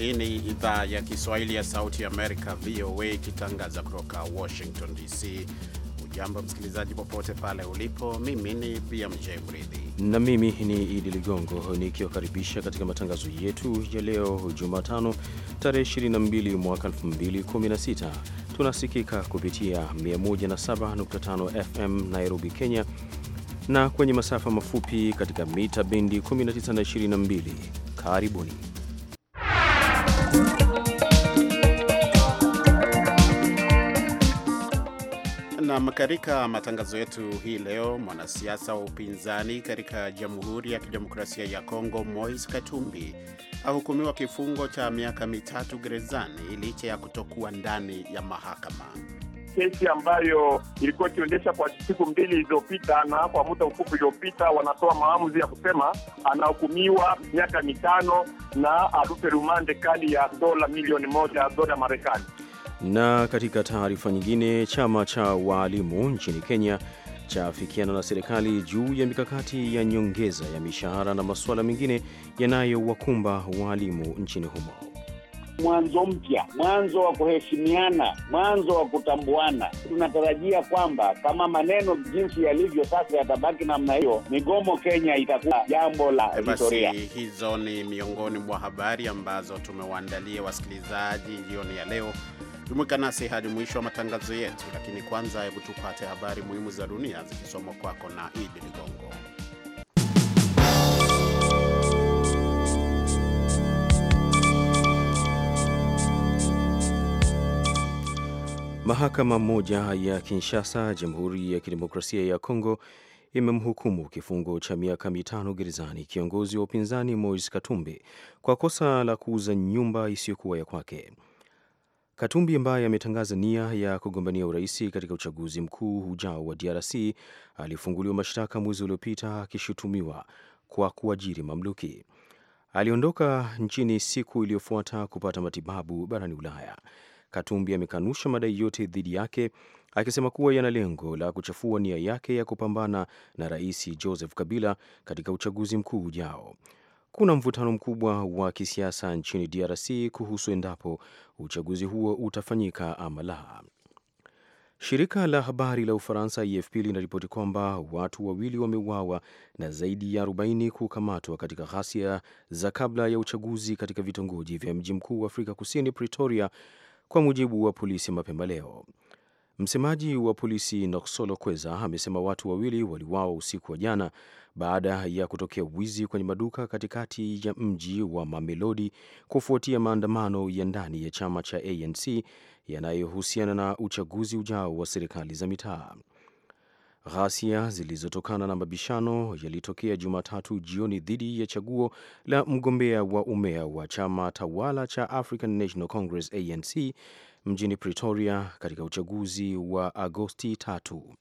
Hii ni idhaa ya Kiswahili ya Sauti ya Amerika, VOA, ikitangaza kutoka Washington DC. Ujambo msikilizaji, popote pale ulipo. Mimi ni BMJ Mridhi na mimi ni Idi Ligongo nikiwakaribisha katika matangazo yetu ya leo Jumatano tarehe 22 mwaka 2016. Tunasikika kupitia 107.5 FM Nairobi, Kenya na kwenye masafa mafupi katika mita bendi 19 na 22. Karibuni. Nam, katika matangazo yetu hii leo, mwanasiasa wa upinzani katika Jamhuri ya Kidemokrasia ya Kongo Moise Katumbi ahukumiwa kifungo cha miaka mitatu gerezani licha ya kutokuwa ndani ya mahakama kesi ambayo ilikuwa ikiendesha kwa siku mbili ilizopita na kwa muda mfupi uliopita, wanatoa maamuzi ya kusema anahukumiwa miaka mitano na arupe rumande kali ya dola milioni moja ya dola Marekani. Na katika taarifa nyingine, chama cha waalimu nchini Kenya chaafikiana na serikali juu ya mikakati ya nyongeza ya mishahara na masuala mengine yanayowakumba waalimu nchini humo mwanzo mpya, mwanzo wa kuheshimiana, mwanzo wa kutambuana. Tunatarajia kwamba kama maneno jinsi yalivyo sasa yatabaki namna hiyo, migomo Kenya itakuwa jambo la historia. Basi hizo ni miongoni mwa habari ambazo tumewaandalia wasikilizaji jioni ya leo. Jumuika nasi hadi mwisho wa matangazo yetu, lakini kwanza, hebu tupate habari muhimu za dunia zikisomwa kwako na Idi Ligongo. Mahakama moja ya Kinshasa, Jamhuri ya Kidemokrasia ya Kongo imemhukumu kifungo cha miaka mitano gerezani kiongozi wa upinzani Moise Katumbi kwa kosa la kuuza nyumba isiyokuwa ya kwake. Katumbi ambaye ametangaza nia ya kugombania urais katika uchaguzi mkuu ujao wa DRC alifunguliwa mashtaka mwezi uliopita akishutumiwa kwa kuajiri mamluki. Aliondoka nchini siku iliyofuata kupata matibabu barani Ulaya. Katumbi amekanusha madai yote dhidi yake akisema kuwa yana lengo la kuchafua nia yake ya kupambana na Rais Joseph Kabila katika uchaguzi mkuu ujao. Kuna mvutano mkubwa wa kisiasa nchini DRC kuhusu endapo uchaguzi huo utafanyika ama la. Shirika la habari la Ufaransa AFP linaripoti kwamba watu wawili wameuawa na zaidi ya 40 kukamatwa katika ghasia za kabla ya uchaguzi katika vitongoji vya mji mkuu wa Afrika Kusini, Pretoria, kwa mujibu wa polisi mapema leo. Msemaji wa polisi Noksolo Kweza amesema watu wawili waliwawa usiku wa jana baada ya kutokea wizi kwenye maduka katikati ya mji wa Mamelodi kufuatia maandamano ya ndani ya chama cha ANC yanayohusiana na uchaguzi ujao wa serikali za mitaa. Ghasia zilizotokana na mabishano yalitokea Jumatatu jioni dhidi ya chaguo la mgombea wa umea wa chama tawala cha African National Congress ANC mjini Pretoria katika uchaguzi wa Agosti tatu.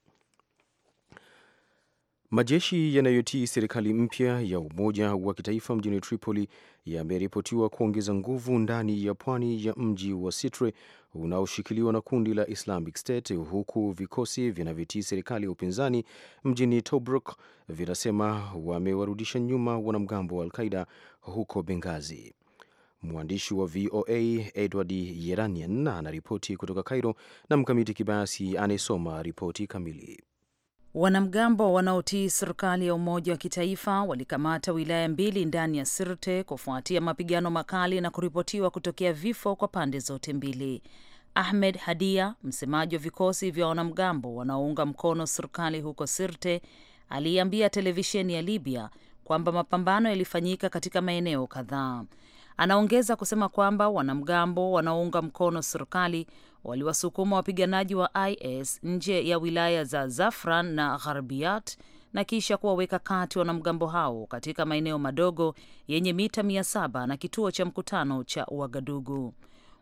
Majeshi yanayotii serikali mpya ya umoja wa kitaifa mjini Tripoli yameripotiwa kuongeza nguvu ndani ya pwani ya mji wa Sitre unaoshikiliwa na kundi la Islamic State, huku vikosi vinavyotii serikali ya upinzani mjini Tobruk vinasema wamewarudisha nyuma wanamgambo wa Alqaida huko Bengazi. Mwandishi wa VOA Edward Yeranian anaripoti kutoka Cairo na Mkamiti Kibayasi anayesoma ripoti kamili. Wanamgambo wanaotii serikali ya umoja wa kitaifa walikamata wilaya mbili ndani ya Sirte kufuatia mapigano makali na kuripotiwa kutokea vifo kwa pande zote mbili. Ahmed Hadia, msemaji wa vikosi vya wanamgambo wanaounga mkono serikali huko Sirte, aliiambia televisheni ya Libya kwamba mapambano yalifanyika katika maeneo kadhaa. Anaongeza kusema kwamba wanamgambo wanaounga mkono serikali waliwasukuma wapiganaji wa IS nje ya wilaya za Zafran na Gharbiat na kisha kuwaweka kati wanamgambo hao katika maeneo madogo yenye mita mia saba na kituo cha mkutano cha Uagadugu.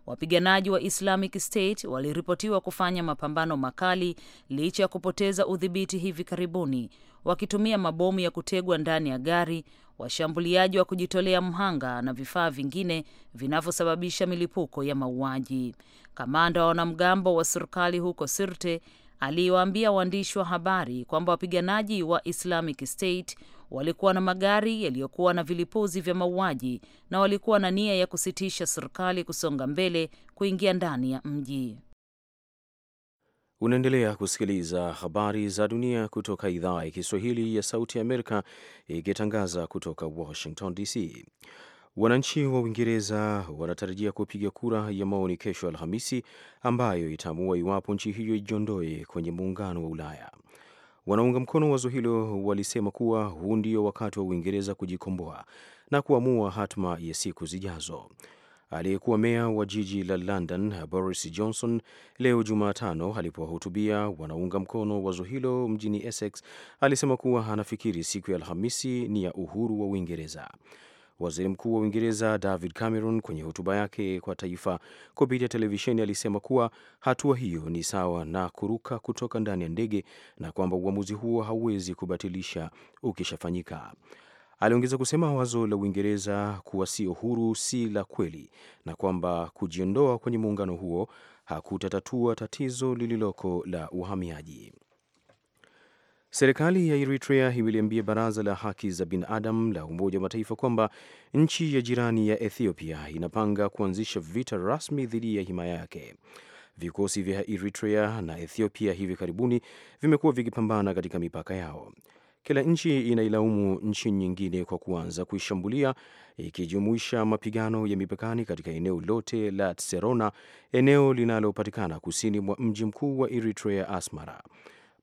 Wapiganaji wa Islamic State waliripotiwa kufanya mapambano makali licha ya kupoteza udhibiti hivi karibuni, wakitumia mabomu ya kutegwa ndani ya gari, washambuliaji wa kujitolea mhanga na vifaa vingine vinavyosababisha milipuko ya mauaji. Kamanda wa wanamgambo wa serikali huko Sirte aliwaambia waandishi wa habari kwamba wapiganaji wa Islamic State walikuwa na magari yaliyokuwa na vilipuzi vya mauaji na walikuwa na nia ya kusitisha serikali kusonga mbele kuingia ndani ya mji. Unaendelea kusikiliza habari za dunia kutoka idhaa ya Kiswahili ya Sauti ya Amerika ikitangaza kutoka Washington DC. Wananchi wa Uingereza wanatarajia kupiga kura ya maoni kesho Alhamisi, ambayo itaamua iwapo nchi hiyo ijiondoe kwenye muungano wa Ulaya. Wanaunga mkono wazo hilo walisema kuwa huu ndio wakati wa Uingereza kujikomboa na kuamua hatma ya siku zijazo. Aliyekuwa meya wa jiji la London Boris Johnson leo Jumatano alipowahutubia wanaunga mkono wazo hilo mjini Essex alisema kuwa anafikiri siku ya Alhamisi ni ya uhuru wa Uingereza. Waziri Mkuu wa Uingereza David Cameron kwenye hotuba yake kwa taifa kupitia televisheni alisema kuwa hatua hiyo ni sawa na kuruka kutoka ndani ya ndege na kwamba uamuzi huo hauwezi kubatilisha ukishafanyika. Aliongeza kusema wazo la Uingereza kuwa sio huru si la kweli na kwamba kujiondoa kwenye muungano huo hakutatatua tatizo lililoko la uhamiaji. Serikali ya Eritrea imeliambia baraza la haki za binadamu la Umoja wa Mataifa kwamba nchi ya jirani ya Ethiopia inapanga kuanzisha vita rasmi dhidi ya himaya yake. Vikosi vya Eritrea na Ethiopia hivi karibuni vimekuwa vikipambana katika mipaka yao. Kila nchi inailaumu nchi nyingine kwa kuanza kuishambulia, ikijumuisha mapigano ya mipakani katika eneo lote la Tserona, eneo linalopatikana kusini mwa mji mkuu wa Eritrea, Asmara.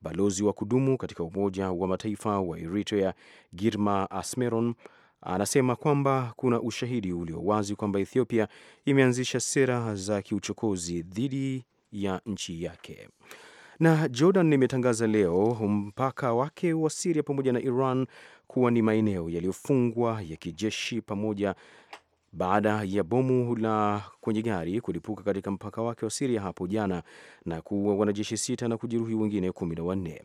Balozi wa kudumu katika Umoja wa Mataifa wa Eritrea, Girma Asmeron, anasema kwamba kuna ushahidi ulio wazi kwamba Ethiopia imeanzisha sera za kiuchokozi dhidi ya nchi yake. Na Jordan imetangaza leo mpaka wake wa Siria pamoja na Iran kuwa ni maeneo yaliyofungwa ya kijeshi pamoja baada ya bomu la kwenye gari kulipuka katika mpaka wake wa Siria hapo jana na kuua wanajeshi sita na kujeruhi wengine kumi na wanne.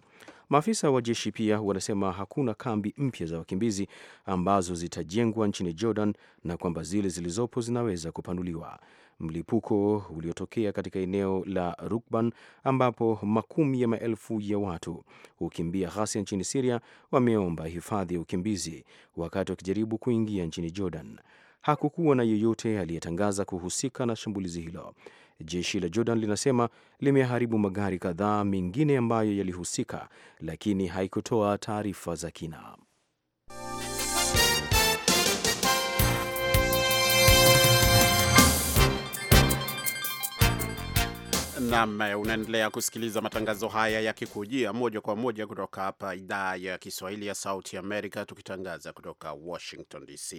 Maafisa wa jeshi pia wanasema hakuna kambi mpya za wakimbizi ambazo zitajengwa nchini Jordan na kwamba zile zilizopo zinaweza kupanuliwa mlipuko uliotokea katika eneo la Rukban ambapo makumi ya maelfu ya watu hukimbia ghasia nchini Siria wameomba hifadhi ya ukimbizi wakati wakijaribu kuingia nchini Jordan. Hakukuwa na yeyote aliyetangaza kuhusika na shambulizi hilo. Jeshi la Jordan linasema limeharibu magari kadhaa mengine ambayo yalihusika, lakini haikutoa taarifa za kina. nam eh, unaendelea kusikiliza matangazo haya yakikujia moja kwa moja kutoka hapa idhaa ya Kiswahili ya Sauti Amerika, tukitangaza kutoka Washington DC.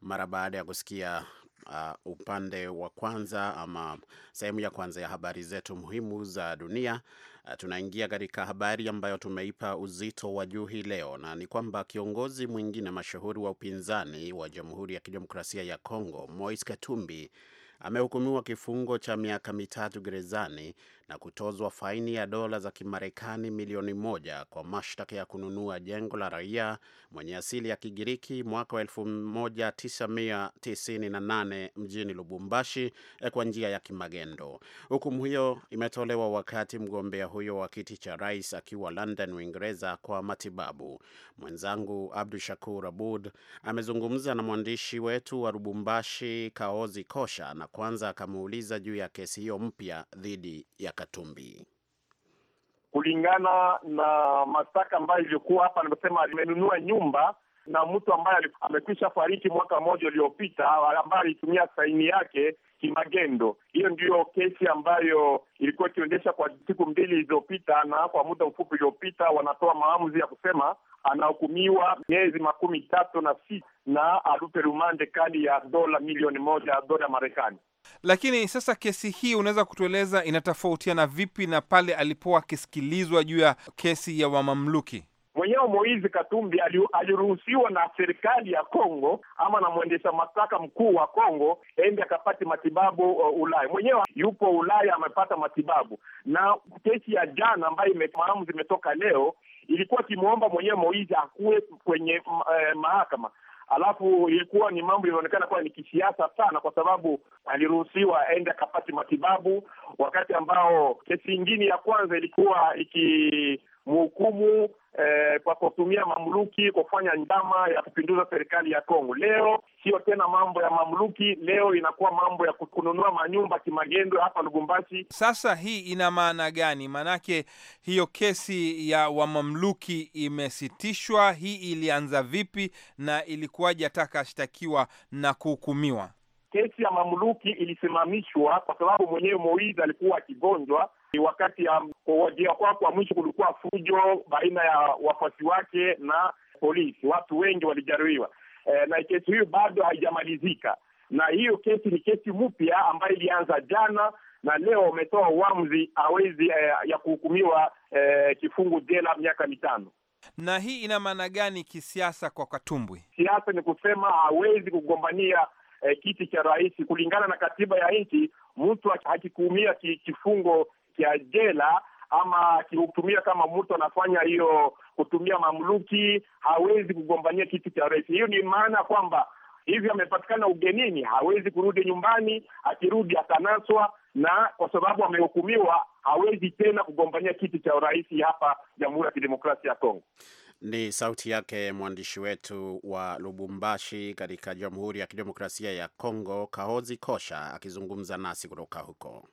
Mara baada ya kusikia uh, upande wa kwanza ama sehemu ya kwanza ya habari zetu muhimu za dunia, uh, tunaingia katika habari ambayo tumeipa uzito wa juu hii leo, na ni kwamba kiongozi mwingine mashuhuri wa upinzani wa Jamhuri ya Kidemokrasia ya Kongo, Moise Katumbi amehukumiwa kifungo cha miaka mitatu gerezani na kutozwa faini ya dola za Kimarekani milioni moja kwa mashtaka ya kununua jengo la raia mwenye asili ya Kigiriki mwaka wa 1998 mjini Lubumbashi eh, kwa njia ya kimagendo. Hukumu hiyo imetolewa wakati mgombea huyo wa kiti cha rais akiwa London, Uingereza kwa matibabu. Mwenzangu Abdu Shakur Abud amezungumza na mwandishi wetu wa Lubumbashi Kaozi Kosha na kwanza akamuuliza juu ya kesi hiyo mpya dhidi ya Katumbi. Kulingana na mashtaka ambayo ilikuwa hapa, nimesema amenunua nyumba na mtu ambaye amekwisha fariki mwaka mmoja uliopita, ambaye alitumia saini yake kimagendo. Hiyo ndiyo kesi ambayo ilikuwa ikionyesha kwa siku mbili ilizopita, na kwa muda mfupi uliopita wanatoa maamuzi ya kusema anahukumiwa miezi makumi tatu na si na alupe rumande kali ya dola milioni moja ya dola ya Marekani. Lakini sasa kesi hii unaweza kutueleza inatofautiana vipi na pale alipoa akisikilizwa juu ya kesi ya wamamluki? mwenyewe Moizi Katumbi aliruhusiwa na serikali ya Kongo ama na mwendesha mashtaka mkuu wa Kongo ende akapate matibabu uh, Ulaya. Mwenyewe yupo Ulaya amepata matibabu, na kesi ya jana ambayo maamuzi zimetoka leo ilikuwa kimwomba mwenyewe Moizi akuwe kwenye uh, mahakama alafu ilikuwa ni mambo ilionekana kuwa ni kisiasa sana, kwa sababu aliruhusiwa aende akapati matibabu, wakati ambao kesi ingine ya kwanza ilikuwa iki mhukumu eh, kwa kutumia mamluki kwa kufanya njama ya kupinduza serikali ya Kongo. Leo sio tena mambo ya mamluki, leo inakuwa mambo ya kununua manyumba kimagendo hapa Lubumbashi. Sasa hii ina maana gani? Maanake hiyo kesi ya wamamluki imesitishwa. Hii ilianza vipi na ilikuwaje ataka ashtakiwa na kuhukumiwa? Kesi ya mamluki ilisimamishwa kwa sababu mwenyewe Moiz alikuwa akigonjwa ni wakati ya um, kuwajia kwako wa mwisho, kulikuwa fujo baina ya wafuasi wake na polisi, watu wengi walijeruhiwa. E, na kesi hiyo bado haijamalizika, na hiyo kesi ni kesi mpya ambayo ilianza jana na leo wametoa uamuzi awezi eh, ya kuhukumiwa eh, kifungu jela miaka mitano. Na hii ina maana gani kisiasa kwa Katumbwi? Siasa ni kusema hawezi kugombania eh, kiti cha rais kulingana na katiba ya nchi. Mtu akikuumia kifungo ya jela ama akihutumia kama mtu anafanya hiyo kutumia mamluki, hawezi kugombania kiti cha rais. Hiyo ni maana kwamba hivi amepatikana ugenini, hawezi kurudi nyumbani. Akirudi atanaswa, na kwa sababu amehukumiwa hawezi tena kugombania kiti cha urais hapa Jamhuri ya Kidemokrasia ya Kongo. Ni sauti yake mwandishi wetu wa Lubumbashi katika Jamhuri ya Kidemokrasia ya Kongo, Kahozi Kosha akizungumza nasi kutoka huko.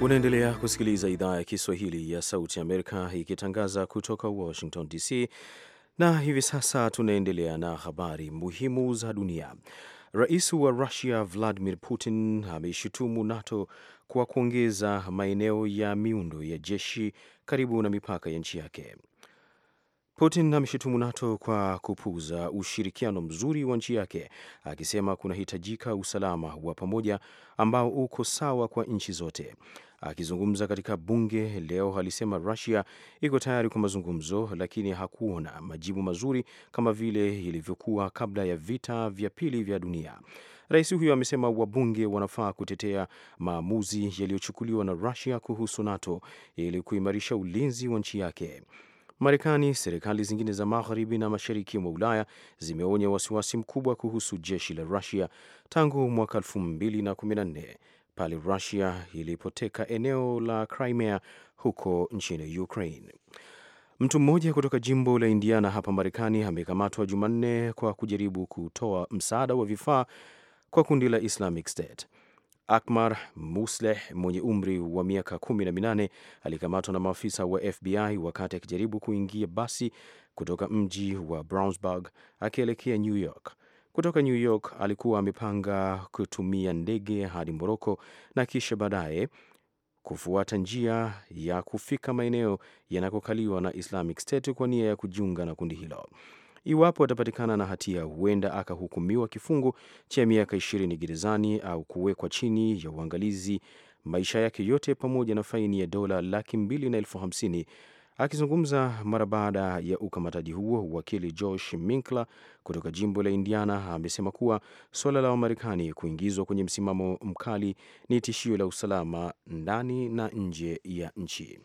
Unaendelea kusikiliza idhaa ya Kiswahili ya Sauti Amerika ikitangaza kutoka Washington DC, na hivi sasa tunaendelea na habari muhimu za dunia. Rais wa Russia Vladimir Putin ameishutumu NATO kwa kuongeza maeneo ya miundo ya jeshi karibu na mipaka ya nchi yake. Putin ameshitumu NATO kwa kupuuza ushirikiano mzuri wa nchi yake, akisema kunahitajika usalama wa pamoja ambao uko sawa kwa nchi zote. Akizungumza katika bunge leo, alisema Russia iko tayari kwa mazungumzo, lakini hakuona majibu mazuri kama vile ilivyokuwa kabla ya vita vya pili vya dunia. Rais huyo amesema wabunge wanafaa kutetea maamuzi yaliyochukuliwa na Russia kuhusu NATO ili kuimarisha ulinzi wa nchi yake. Marekani, serikali zingine za magharibi na mashariki mwa Ulaya zimeonya wasiwasi mkubwa kuhusu jeshi la Rusia tangu mwaka 2014 pale Rusia ilipoteka eneo la Crimea huko nchini Ukraine. Mtu mmoja kutoka jimbo la Indiana hapa Marekani amekamatwa Jumanne kwa kujaribu kutoa msaada wa vifaa kwa kundi la Islamic State. Akmar Musleh mwenye umri wa miaka 18 alikamatwa na maafisa wa FBI wakati akijaribu kuingia basi kutoka mji wa Brownsburg akielekea New York. Kutoka New York alikuwa amepanga kutumia ndege hadi Moroko na kisha baadaye kufuata njia ya kufika maeneo yanakokaliwa na Islamic State kwa nia ya kujiunga na kundi hilo. Iwapo atapatikana na hatia, huenda akahukumiwa kifungo cha miaka ishirini gerezani au kuwekwa chini ya uangalizi maisha yake yote pamoja na faini ya dola laki mbili na elfu hamsini. Akizungumza mara baada ya ukamataji huo, wakili Josh Minkla kutoka jimbo la Indiana amesema kuwa suala la Wamarekani kuingizwa kwenye msimamo mkali ni tishio la usalama ndani na nje ya nchi.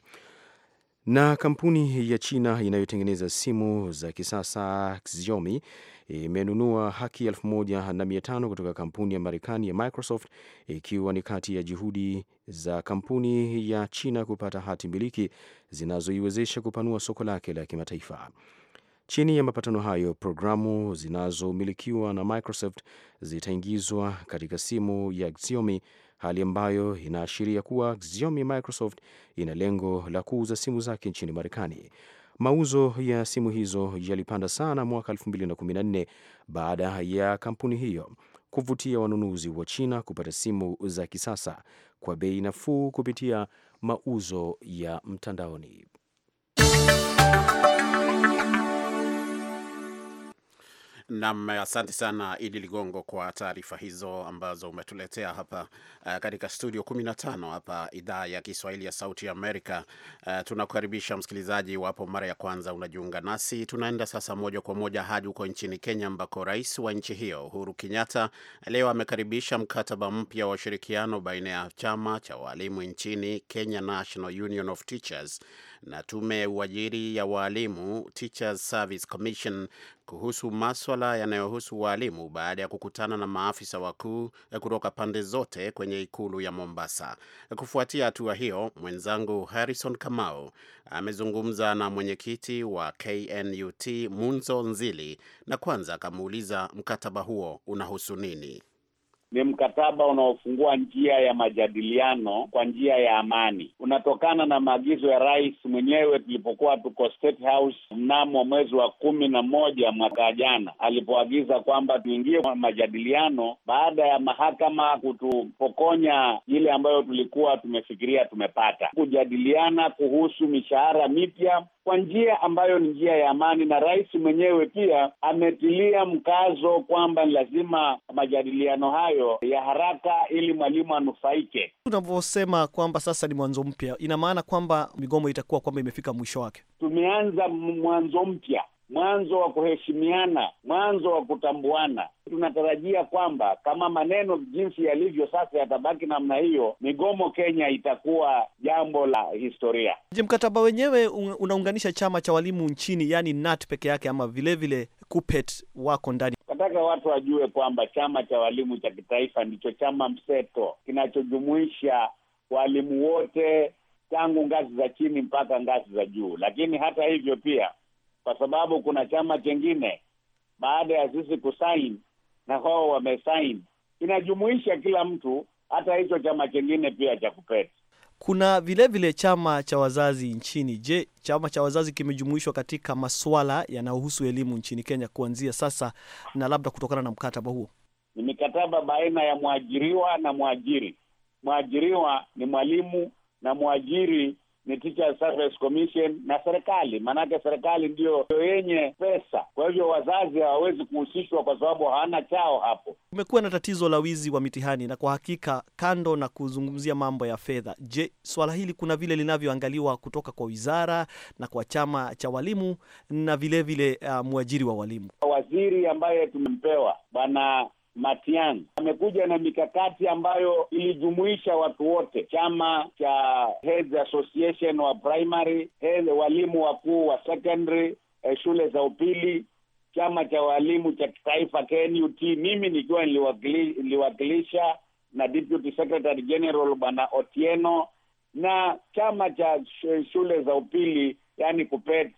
Na kampuni ya China inayotengeneza simu za kisasa Xiaomi imenunua haki 1500 kutoka kampuni ya Marekani ya Microsoft ikiwa ni kati ya juhudi za kampuni ya China kupata hati miliki zinazoiwezesha kupanua soko lake la kimataifa. Chini ya mapatano hayo, programu zinazomilikiwa na Microsoft zitaingizwa katika simu ya Xiaomi hali ambayo inaashiria kuwa Xiaomi Microsoft ina lengo la kuuza simu zake nchini Marekani. Mauzo ya simu hizo yalipanda sana mwaka 2014 baada ya kampuni hiyo kuvutia wanunuzi wa China kupata simu za kisasa kwa bei nafuu kupitia mauzo ya mtandaoni. Nam, asante sana Idi Ligongo kwa taarifa hizo ambazo umetuletea hapa uh, katika studio 15 hapa idhaa ya Kiswahili ya Sauti Amerika. Uh, tunakukaribisha msikilizaji wapo mara ya kwanza unajiunga nasi. Tunaenda sasa moja kwa moja hadi huko nchini Kenya ambako rais wa nchi hiyo Uhuru Kenyatta leo amekaribisha mkataba mpya wa ushirikiano baina ya chama cha walimu nchini Kenya National Union of Teachers na tume uajiri ya waalimu Teachers Service Commission kuhusu maswala yanayohusu waalimu baada ya kukutana na maafisa wakuu eh, kutoka pande zote kwenye ikulu ya Mombasa. Kufuatia hatua hiyo, mwenzangu Harrison Kamau amezungumza na mwenyekiti wa KNUT Munzo Nzili, na kwanza akamuuliza mkataba huo unahusu nini ni mkataba unaofungua njia ya majadiliano kwa njia ya amani. Unatokana na maagizo ya rais mwenyewe tulipokuwa tuko State House mnamo mwezi wa kumi na moja mwaka jana, alipoagiza kwamba tuingie kwa majadiliano baada ya mahakama kutupokonya ile ambayo tulikuwa tumefikiria tumepata, kujadiliana kuhusu mishahara mipya kwa njia ambayo ni njia ya amani, na rais mwenyewe pia ametilia mkazo kwamba ni lazima majadiliano hayo ya haraka ili mwalimu anufaike. Tunavyosema kwamba sasa ni mwanzo mpya, ina maana kwamba migomo itakuwa kwamba imefika mwisho wake. Tumeanza mwanzo mpya mwanzo wa kuheshimiana, mwanzo wa kutambuana. Tunatarajia kwamba kama maneno jinsi yalivyo sasa yatabaki namna hiyo, migomo Kenya itakuwa jambo la historia. Je, mkataba wenyewe unaunganisha chama cha walimu nchini, yaani NAT peke yake ama vilevile vile wako ndani? Nataka watu wajue kwamba chama cha walimu cha kitaifa ndicho chama mseto kinachojumuisha walimu wote tangu ngazi za chini mpaka ngazi za juu, lakini hata hivyo pia kwa sababu kuna chama chengine baada ya sisi kusain na wao wamesain, inajumuisha kila mtu, hata hicho chama chengine pia cha kupeti Kuna vilevile vile chama cha wazazi nchini. Je, chama cha wazazi kimejumuishwa katika maswala yanayohusu elimu nchini Kenya kuanzia sasa, na labda kutokana na mkataba huo? Ni mikataba baina ya mwajiriwa na mwajiri. Mwajiriwa ni mwalimu na mwajiri ni Teacher Service Commission na serikali, maanake serikali ndio yenye pesa. Kwa hivyo wazazi hawawezi kuhusishwa kwa sababu hawana chao hapo. Kumekuwa na tatizo la wizi wa mitihani, na kwa hakika, kando na kuzungumzia mambo ya fedha, je, swala hili kuna vile linavyoangaliwa kutoka kwa wizara na kwa chama cha walimu na vilevile uh, mwajiri wa walimu? Waziri ambaye tumempewa bana Matiang'i amekuja na mikakati ambayo ilijumuisha watu wote, chama cha Heads Association wa primary, walimu wakuu wa secondary, eh, shule za upili, chama cha walimu cha kitaifa KNUT, mimi nikiwa niliwakilisha na Deputy Secretary General Bwana Otieno na chama cha shule za upili yani KUPPET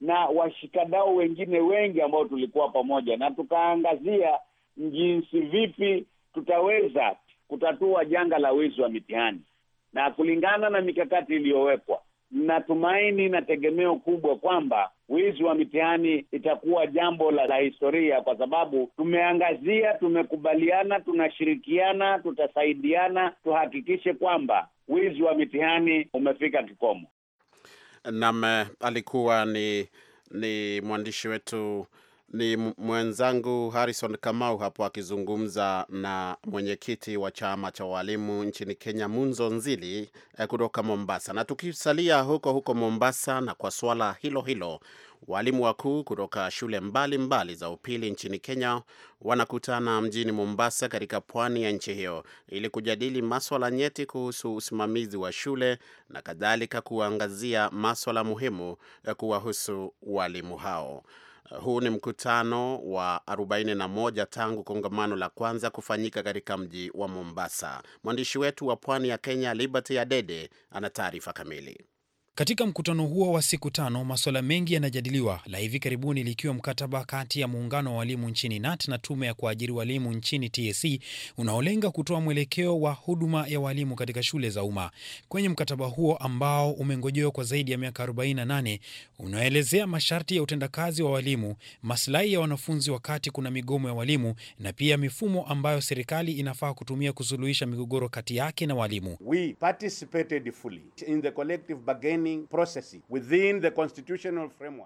na washikadau wengine wengi ambao tulikuwa pamoja na tukaangazia jinsi vipi tutaweza kutatua janga la wizi wa mitihani, na kulingana na mikakati iliyowekwa, natumaini na tegemeo kubwa kwamba wizi wa mitihani itakuwa jambo la, la historia, kwa sababu tumeangazia, tumekubaliana, tunashirikiana, tutasaidiana, tuhakikishe kwamba wizi wa mitihani umefika kikomo. Nam eh, alikuwa ni, ni mwandishi wetu ni mwenzangu Harrison Kamau hapo akizungumza na mwenyekiti wa chama cha walimu nchini Kenya, Munzo Nzili eh, kutoka Mombasa. Na tukisalia huko huko Mombasa na kwa suala hilo hilo, walimu wakuu kutoka shule mbalimbali mbali za upili nchini Kenya wanakutana mjini Mombasa katika pwani ya nchi hiyo ili kujadili maswala nyeti kuhusu usimamizi wa shule na kadhalika, kuangazia maswala muhimu eh, kuwahusu walimu hao. Huu ni mkutano wa 41 tangu kongamano la kwanza kufanyika katika mji wa Mombasa. Mwandishi wetu wa pwani ya Kenya, Liberty Adede, ana taarifa kamili. Katika mkutano huo wa siku tano, masuala mengi yanajadiliwa, la hivi karibuni likiwa mkataba kati ya muungano wa walimu nchini nat na tume ya kuajiri walimu nchini TSC e unaolenga kutoa mwelekeo wa huduma ya walimu katika shule za umma. Kwenye mkataba huo ambao umengojewa kwa zaidi ya miaka 48 unaelezea masharti ya utendakazi wa walimu, masilahi ya wanafunzi wakati kuna migomo ya walimu, na pia mifumo ambayo serikali inafaa kutumia kusuluhisha migogoro kati yake na walimu. We participated fully in the collective bargaining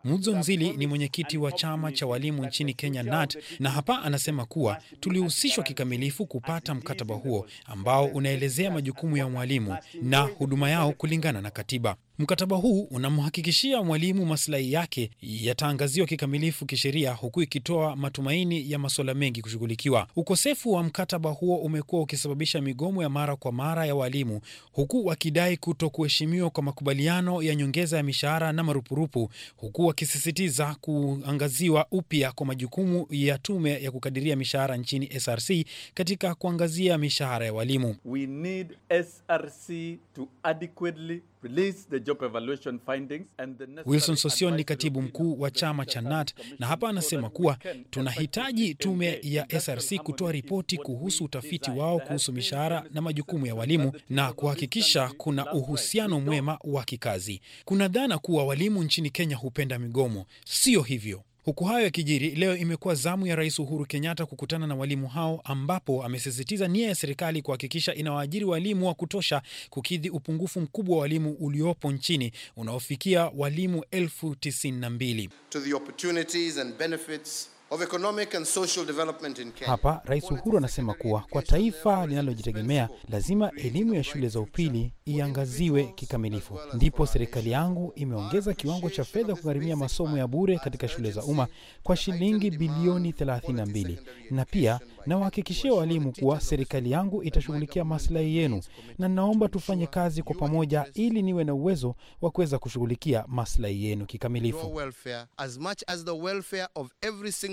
Mudzo Nzili ni mwenyekiti wa chama cha walimu nchini Kenya NAT, na hapa anasema kuwa tulihusishwa kikamilifu kupata mkataba huo ambao unaelezea majukumu ya mwalimu na huduma yao kulingana na katiba. Mkataba huu unamhakikishia mwalimu masilahi yake yataangaziwa kikamilifu kisheria, huku ikitoa matumaini ya masuala mengi kushughulikiwa. Ukosefu wa mkataba huo umekuwa ukisababisha migomo ya mara kwa mara ya walimu, huku wakidai kuto kuheshimiwa kwa makubaliano maandamano ya nyongeza ya mishahara na marupurupu, huku wakisisitiza kuangaziwa upya kwa majukumu ya tume ya kukadiria mishahara nchini SRC katika kuangazia mishahara ya walimu. We need SRC to adequately Wilson Sossion ni katibu mkuu wa chama cha NAT na hapa anasema kuwa tunahitaji tume ya SRC kutoa ripoti kuhusu utafiti wao kuhusu mishahara na majukumu ya walimu na kuhakikisha kuna uhusiano mwema wa kikazi. Kuna dhana kuwa walimu nchini Kenya hupenda migomo. Siyo hivyo. Huku hayo yakijiri, leo imekuwa zamu ya Rais Uhuru Kenyatta kukutana na walimu hao, ambapo amesisitiza nia ya serikali kuhakikisha inawaajiri walimu wa kutosha kukidhi upungufu mkubwa wa walimu uliopo nchini unaofikia walimu elfu tisini na mbili of economic and social development in Kenya. Hapa Rais Uhuru anasema kuwa kwa taifa linalojitegemea lazima elimu ya shule za upili iangaziwe kikamilifu. Ndipo serikali yangu imeongeza kiwango cha fedha kugharimia masomo ya bure katika shule za umma kwa shilingi bilioni 32, na pia nawahakikishia walimu kuwa serikali yangu itashughulikia maslahi yenu, na naomba tufanye kazi kwa pamoja ili niwe na uwezo wa kuweza kushughulikia maslahi yenu kikamilifu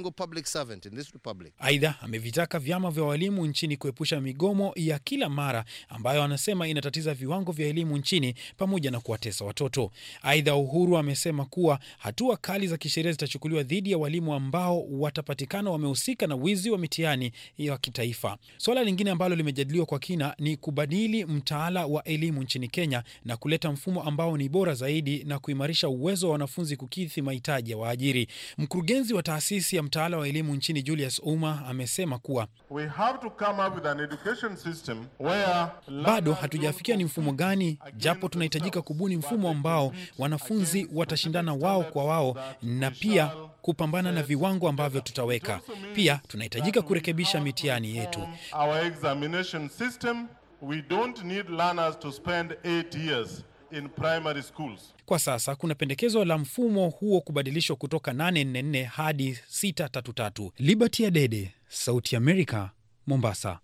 single public servant in this republic. Aidha, amevitaka vyama vya walimu nchini kuepusha migomo ya kila mara ambayo anasema inatatiza viwango vya elimu nchini pamoja na kuwatesa watoto. Aidha, Uhuru amesema kuwa hatua kali za kisheria zitachukuliwa dhidi ya walimu ambao watapatikana wamehusika na wizi wa mitihani ya kitaifa. Suala lingine ambalo limejadiliwa kwa kina ni kubadili mtaala wa elimu nchini Kenya na kuleta mfumo ambao ni bora zaidi na kuimarisha uwezo wa wanafunzi kukidhi mahitaji ya waajiri. Mkurugenzi wa taasisi ya mtaala wa elimu nchini Julius Ouma amesema kuwa We have to come up with an education system where... bado hatujafikia ni mfumo gani, japo tunahitajika kubuni mfumo ambao wanafunzi watashindana wao kwa wao na pia kupambana na viwango ambavyo tutaweka. Pia tunahitajika kurekebisha mitihani yetu. Our examination system, we don't need learners to spend years in primary schools. Kwa sasa kuna pendekezo la mfumo huo kubadilishwa kutoka 844 hadi 633. Liberty Adede, Sauti america Mombasa.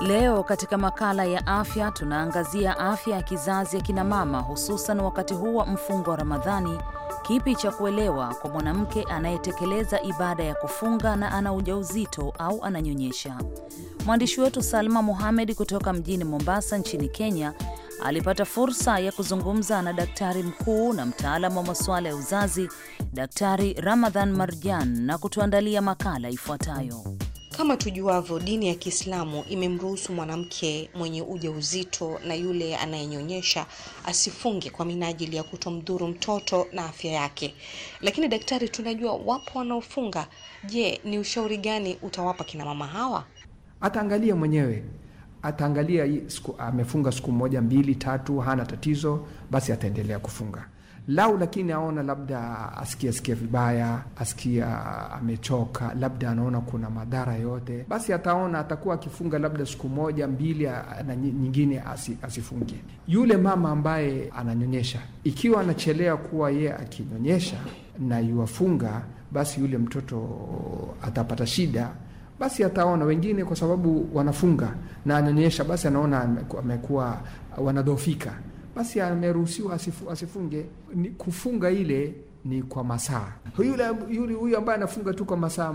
Leo katika makala ya afya tunaangazia afya ya kizazi ya kinamama, hususan wakati huu wa mfungo wa Ramadhani Kipi cha kuelewa kwa mwanamke anayetekeleza ibada ya kufunga na ana ujauzito au ananyonyesha? Mwandishi wetu Salma muhamed kutoka mjini Mombasa nchini Kenya alipata fursa ya kuzungumza na daktari mkuu na mtaalamu wa masuala ya uzazi, Daktari Ramadhan Marjan na kutuandalia makala ifuatayo. Kama tujuavyo, dini ya Kiislamu imemruhusu mwanamke mwenye uja uzito na yule anayenyonyesha asifunge kwa minajili ya kutomdhuru mtoto na afya yake. Lakini daktari, tunajua wapo wanaofunga. Je, ni ushauri gani utawapa kina mama hawa? Ataangalia mwenyewe, ataangalia siku, amefunga siku moja mbili tatu, hana tatizo, basi ataendelea kufunga lau, lakini aona labda asikia sikia vibaya, asikia ah, amechoka, labda anaona kuna madhara yote, basi ataona atakuwa akifunga labda siku moja mbili ah, na nyingine asifunge. Yule mama ambaye ananyonyesha, ikiwa anachelea kuwa ye akinyonyesha na yuwafunga, basi yule mtoto atapata shida basi ataona wengine, kwa sababu wanafunga na anyonyesha basi anaona amekuwa wanadhofika basi ameruhusiwa asifu, asifunge. Ni kufunga ile ni kwa masaa. Yule huyu ambaye anafunga tu kwa masaa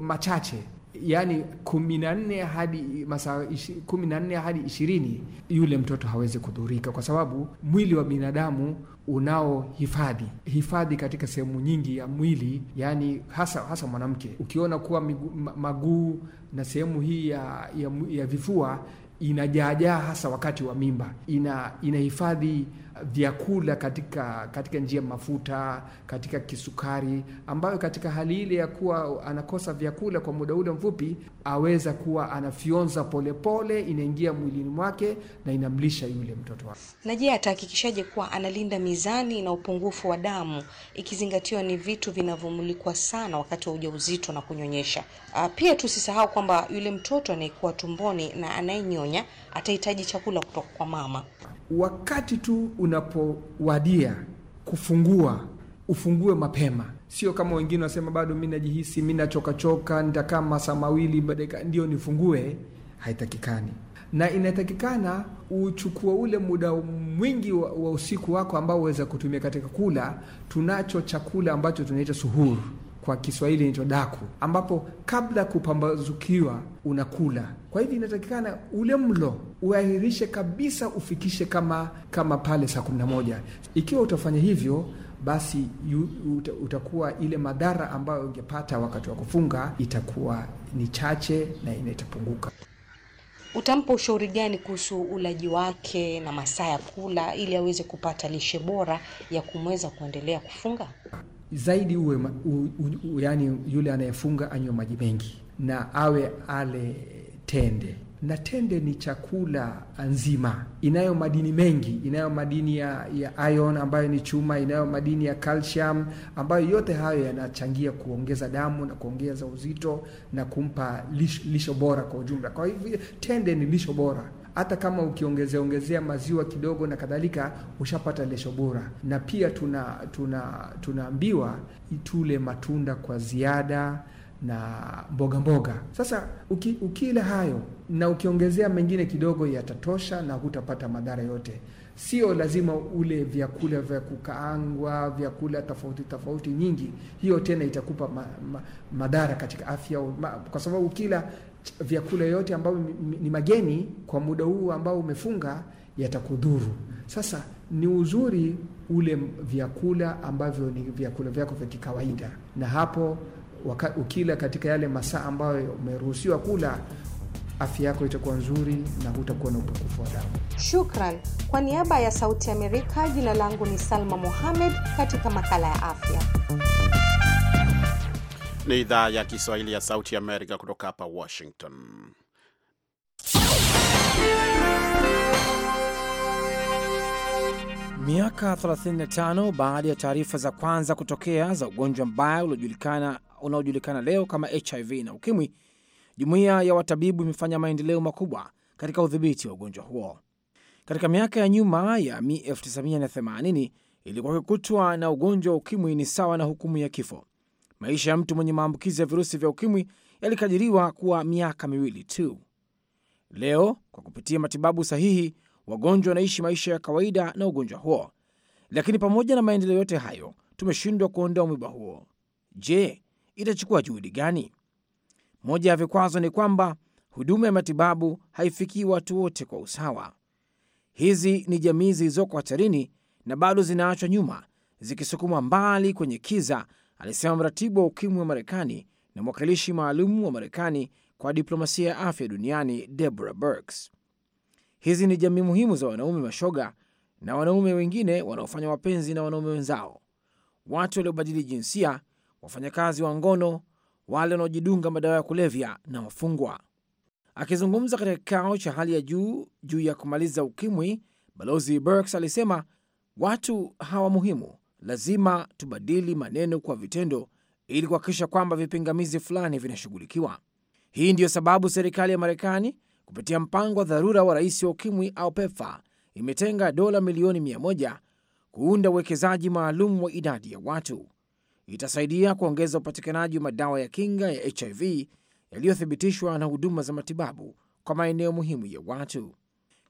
machache yaani kumi na nne hadi masaa kumi na nne hadi ishirini yule mtoto hawezi kudhurika, kwa sababu mwili wa binadamu unao hifadhi hifadhi katika sehemu nyingi ya mwili, yaani hasa hasa mwanamke, ukiona kuwa miguu, maguu na sehemu hii ya, ya, ya vifua inajaajaa hasa wakati wa mimba, ina inahifadhi vyakula katika, katika njia mafuta, katika kisukari, ambayo katika hali ile ya kuwa anakosa vyakula kwa muda ule mfupi, aweza kuwa anafyonza polepole, inaingia mwilini mwake na inamlisha yule mtoto wake. Na je, atahakikishaje kuwa analinda mizani na upungufu wa damu, ikizingatiwa ni vitu vinavyomulikwa sana wakati wa ujauzito na kunyonyesha? A, ah, pia tusisahau kwamba yule mtoto anayekuwa tumboni na anayenyonya atahitaji chakula kutoka kwa mama wakati tu unapowadia kufungua, ufungue mapema. Sio kama wengine wasema bado mi najihisi mi nachokachoka, nitakaa masaa mawili baadaye ndio nifungue. Haitakikani na inatakikana uchukua ule muda mwingi wa, wa usiku wako ambao uweza kutumia katika kula. Tunacho chakula ambacho tunaita suhuru kwa Kiswahili inaitwa daku, ambapo kabla kupambazukiwa unakula. Kwa hivyo inatakikana ule mlo uahirishe kabisa, ufikishe kama kama pale saa kumi na moja. Ikiwa utafanya hivyo basi yu, uta, utakuwa ile madhara ambayo ungepata wakati wa kufunga itakuwa ni chache na inatapunguka. Utampa ushauri gani kuhusu ulaji wake na masaa ya kula ili aweze kupata lishe bora ya kumweza kuendelea kufunga? zaidi uwe, u, u, u, yani yule anayefunga anywe maji mengi na awe ale tende na tende ni chakula nzima, inayo madini mengi, inayo madini ya, ya iron ambayo ni chuma, inayo madini ya calcium ambayo yote hayo yanachangia kuongeza damu na kuongeza uzito na kumpa lisho, lisho bora kwa ujumla. Kwa hivyo tende ni lisho bora hata kama ukiongezea ongezea maziwa kidogo na kadhalika, ushapata lesho bora. Na pia tuna tuna tunaambiwa tule matunda kwa ziada na mboga mboga. Sasa uki, ukila hayo na ukiongezea mengine kidogo yatatosha, na hutapata madhara yote sio lazima ule vyakula vya kukaangwa, vyakula tofauti tofauti nyingi. Hiyo tena itakupa ma, ma, madhara katika afya ma, kwa sababu kila vyakula yote ambayo ni mageni kwa muda huu ambao umefunga yatakudhuru. Sasa ni uzuri ule vyakula ambavyo ni vyakula vyako vya kikawaida, na hapo waka, ukila katika yale masaa ambayo umeruhusiwa kula afya yako itakuwa nzuri na hutakuwa na upungufu wa damu. Shukran. Kwa niaba ya Sauti Amerika, jina langu ni Salma muhamed katika makala ya afya. Ni idhaa ya Kiswahili ya Sauti Amerika kutoka hapa Washington. Miaka 35 baada ya taarifa za kwanza kutokea za ugonjwa mbaya unaojulikana leo kama HIV na UKIMWI, Jumuiya ya watabibu imefanya maendeleo makubwa katika udhibiti wa ugonjwa huo. Katika miaka ya nyuma ya 1980 ilikuwa kikutwa na ugonjwa wa ukimwi ni sawa na hukumu ya kifo. Maisha ya mtu mwenye maambukizi ya virusi vya ukimwi yalikadiriwa kuwa miaka miwili tu. Leo kwa kupitia matibabu sahihi, wagonjwa wanaishi maisha ya kawaida na ugonjwa huo. Lakini pamoja na maendeleo yote hayo, tumeshindwa kuondoa mwiba huo. Je, itachukua juhudi gani? Moja ya vikwazo ni kwamba huduma ya matibabu haifikii watu wote kwa usawa. Hizi ni jamii zilizoko hatarini na bado zinaachwa nyuma, zikisukumwa mbali kwenye kiza, alisema mratibu wa ukimwi wa Marekani na mwakilishi maalum wa Marekani kwa diplomasia ya afya duniani Deborah Burks. Hizi ni jamii muhimu za wanaume mashoga na wanaume wengine wanaofanya mapenzi na wanaume wenzao, watu waliobadili jinsia, wafanyakazi wa ngono wale wanaojidunga madawa ya kulevya na wafungwa. Akizungumza katika kikao cha hali ya juu juu ya kumaliza ukimwi, Balozi Burks alisema watu hawa muhimu, lazima tubadili maneno kwa vitendo ili kuhakikisha kwamba vipingamizi fulani vinashughulikiwa. Hii ndiyo sababu serikali ya Marekani kupitia mpango wa dharura wa rais wa ukimwi au pepfa imetenga dola milioni mia moja kuunda uwekezaji maalum wa idadi ya watu itasaidia kuongeza upatikanaji wa madawa ya kinga ya HIV yaliyothibitishwa na huduma za matibabu kwa maeneo muhimu ya watu.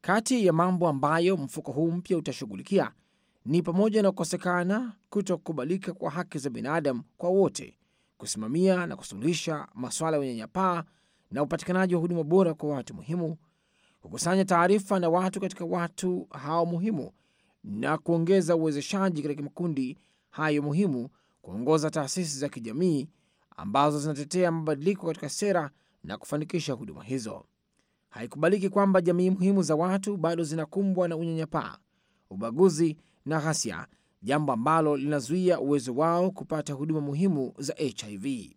Kati ya mambo ambayo mfuko huu mpya utashughulikia ni pamoja na kukosekana kutokubalika kwa haki za binadamu kwa wote, kusimamia na kusuluhisha masuala ya unyanyapaa na upatikanaji wa huduma bora kwa watu muhimu, kukusanya taarifa na watu katika watu hao muhimu, na kuongeza uwezeshaji katika makundi hayo muhimu kuongoza taasisi za kijamii ambazo zinatetea mabadiliko katika sera na kufanikisha huduma hizo. Haikubaliki kwamba jamii muhimu za watu bado zinakumbwa na unyanyapaa, ubaguzi na ghasia, jambo ambalo linazuia uwezo wao kupata huduma muhimu za HIV.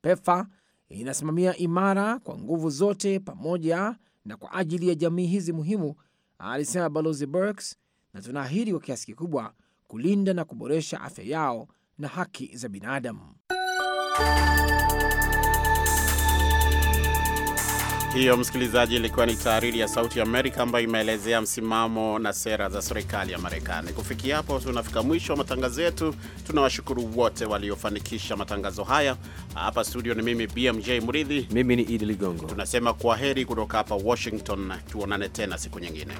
PEPFAR inasimamia imara kwa nguvu zote pamoja na kwa ajili ya jamii hizi muhimu, alisema Balozi Burks, na tunaahidi kwa kiasi kikubwa kulinda na kuboresha afya yao na haki za binadamu. Hiyo msikilizaji, ilikuwa ni tahariri ya Sauti ya Amerika ambayo imeelezea msimamo na sera za serikali ya Marekani. Kufikia hapo, tunafika mwisho wa matangazo yetu. Tunawashukuru wote waliofanikisha matangazo haya. Hapa studio ni mimi BMJ Mridhi, mimi ni Idi Ligongo. Tunasema kwa heri kutoka hapa Washington, tuonane tena siku nyingine.